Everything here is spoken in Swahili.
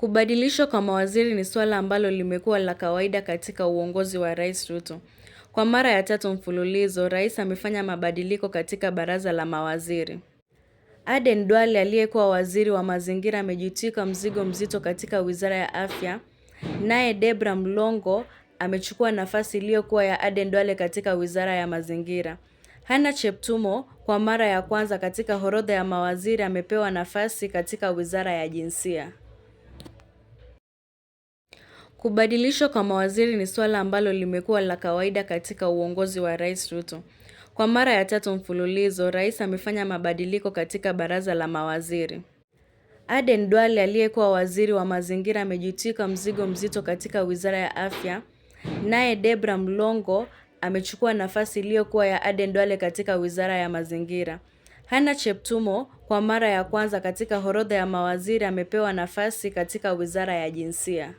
Kubadilishwa kwa mawaziri ni swala ambalo limekuwa la kawaida katika uongozi wa Rais Ruto. Kwa mara ya tatu mfululizo, Rais amefanya mabadiliko katika baraza la mawaziri. Aden Duale aliyekuwa waziri wa mazingira amejitwika mzigo mzito katika Wizara ya Afya, naye Debra Mlongo amechukua nafasi iliyokuwa ya Aden Duale katika Wizara ya Mazingira. hana Cheptumo kwa mara ya kwanza katika orodha ya mawaziri amepewa nafasi katika Wizara ya Jinsia. Kubadilishwa kwa mawaziri ni swala ambalo limekuwa la kawaida katika uongozi wa Rais Ruto. Kwa mara ya tatu mfululizo, Rais amefanya mabadiliko katika baraza la mawaziri. Aden Duale aliyekuwa waziri wa mazingira amejitwika mzigo mzito katika Wizara ya Afya, naye Debra Mlongo amechukua nafasi iliyokuwa ya Aden Duale katika Wizara ya Mazingira. hana Cheptumo kwa mara ya kwanza katika orodha ya mawaziri amepewa nafasi katika Wizara ya Jinsia.